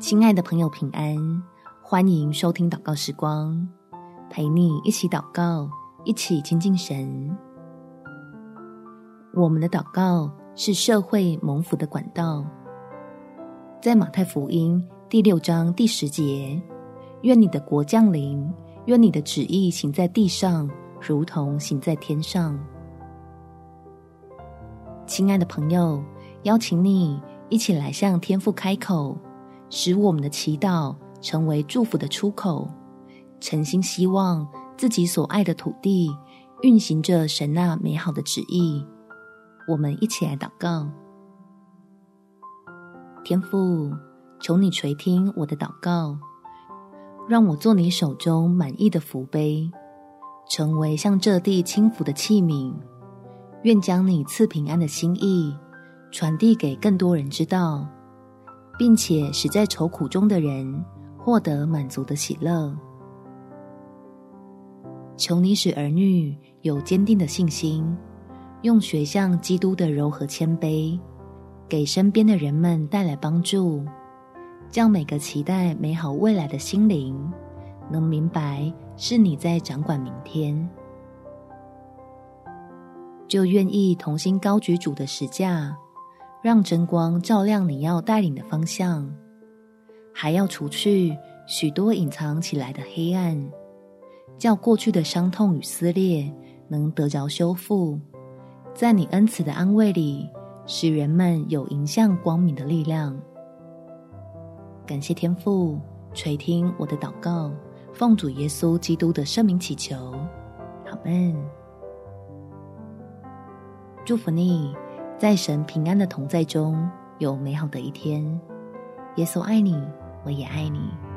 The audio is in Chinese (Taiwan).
親愛的朋友，平安！歡迎收聽禱告時光，陪你一起禱告，一起親近神。我們的禱告是社會蒙福的管道。在馬太福音第六章第十節，願你的國降臨，願你的旨意行在地上，如同行在天上。親愛的朋友，邀請你一起來向天父開口。使我們的祈禱成為祝福的出口，誠心希望自己所愛的土地運行着神那美好的旨意。我們一起來禱告：天父，求你垂聽我的禱告，讓我做你手中滿溢的福杯，成為向這地傾福的器皿。願將你賜平安的心意傳遞給更多人知道。並且使在愁苦中的人獲得滿足的喜樂。求你使兒女有堅定的信心，用學像基督的柔和謙卑，給身邊的人們帶來幫助，叫每個期待美好未來的心靈能明白是你在掌管明天，就願意同心高舉主的十架。讓真光照亮你要帶領的方向，還要除去許多隱藏起來的黑暗，叫過去的傷痛與撕裂能得着修復，在你恩慈的安慰裡，使人們有迎向光明的力量。感謝天父垂聽我的禱告，奉主耶穌基督的聖名祈求，阿們，祝福你。在神平安的同在中有美好的一天。耶穌愛你，我也愛你。